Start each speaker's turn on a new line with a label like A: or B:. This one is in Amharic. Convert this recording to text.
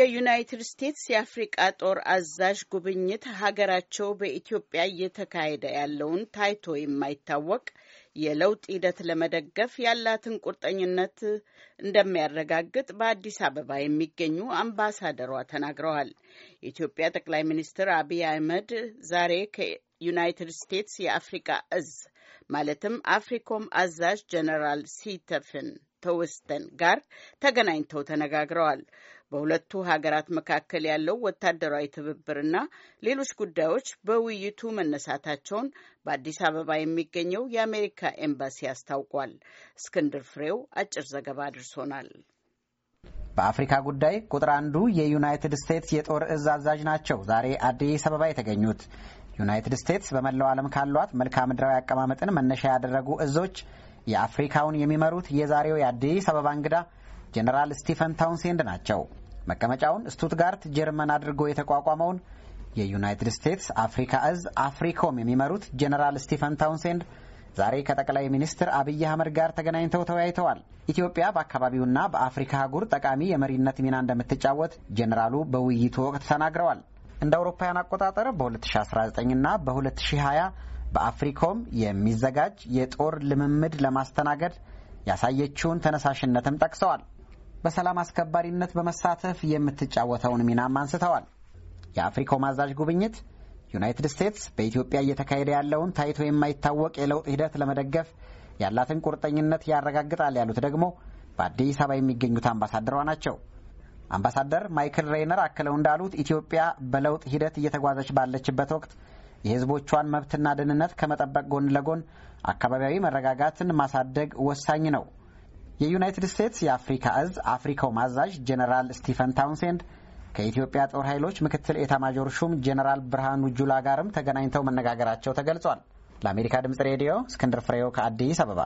A: የዩናይትድ ስቴትስ የአፍሪቃ ጦር አዛዥ ጉብኝት ሀገራቸው በኢትዮጵያ እየተካሄደ ያለውን ታይቶ የማይታወቅ የለውጥ ሂደት ለመደገፍ ያላትን ቁርጠኝነት እንደሚያረጋግጥ በአዲስ አበባ የሚገኙ አምባሳደሯ ተናግረዋል። የኢትዮጵያ ጠቅላይ ሚኒስትር አብይ አህመድ ዛሬ ከዩናይትድ ስቴትስ የአፍሪካ እዝ ማለትም አፍሪኮም አዛዥ ጀነራል ሲተፍን ተውስተን ጋር ተገናኝተው ተነጋግረዋል። በሁለቱ ሀገራት መካከል ያለው ወታደራዊ ትብብርና ሌሎች ጉዳዮች በውይይቱ መነሳታቸውን በአዲስ አበባ የሚገኘው የአሜሪካ ኤምባሲ አስታውቋል። እስክንድር ፍሬው አጭር ዘገባ አድርሶናል።
B: በአፍሪካ ጉዳይ ቁጥር አንዱ የዩናይትድ ስቴትስ የጦር እዝ አዛዥ ናቸው ዛሬ አዲስ አበባ የተገኙት ዩናይትድ ስቴትስ በመላው ዓለም ካሏት መልክዓ ምድራዊ አቀማመጥን መነሻ ያደረጉ እዞች የአፍሪካውን የሚመሩት የዛሬው የአዲስ አበባ እንግዳ ጀኔራል ስቲፈን ታውንሴንድ ናቸው። መቀመጫውን ስቱትጋርት ጀርመን አድርጎ የተቋቋመውን የዩናይትድ ስቴትስ አፍሪካ እዝ አፍሪኮም የሚመሩት ጀኔራል ስቲፈን ታውንሴንድ ዛሬ ከጠቅላይ ሚኒስትር አብይ አህመድ ጋር ተገናኝተው ተወያይተዋል። ኢትዮጵያ በአካባቢውና በአፍሪካ አህጉር ጠቃሚ የመሪነት ሚና እንደምትጫወት ጀኔራሉ በውይይቱ ወቅት ተናግረዋል። እንደ አውሮፓውያን አቆጣጠር በ 2019 እና በ2020 በአፍሪኮም የሚዘጋጅ የጦር ልምምድ ለማስተናገድ ያሳየችውን ተነሳሽነትም ጠቅሰዋል። በሰላም አስከባሪነት በመሳተፍ የምትጫወተውን ሚናም አንስተዋል። የአፍሪኮም አዛዥ ጉብኝት ዩናይትድ ስቴትስ በኢትዮጵያ እየተካሄደ ያለውን ታይቶ የማይታወቅ የለውጥ ሂደት ለመደገፍ ያላትን ቁርጠኝነት ያረጋግጣል ያሉት ደግሞ በአዲስ አበባ የሚገኙት አምባሳደሯ ናቸው። አምባሳደር ማይክል ሬይነር አክለው እንዳሉት ኢትዮጵያ በለውጥ ሂደት እየተጓዘች ባለችበት ወቅት የሕዝቦቿን መብትና ደህንነት ከመጠበቅ ጎን ለጎን አካባቢያዊ መረጋጋትን ማሳደግ ወሳኝ ነው። የዩናይትድ ስቴትስ የአፍሪካ እዝ አፍሪካው ማዛዥ ጄኔራል ስቲፈን ታውንሴንድ ከኢትዮጵያ ጦር ኃይሎች ምክትል ኤታማዦር ሹም ጄኔራል ብርሃኑ ጁላ ጋርም ተገናኝተው መነጋገራቸው ተገልጿል። ለአሜሪካ ድምጽ ሬዲዮ እስክንድር ፍሬው ከአዲስ አበባ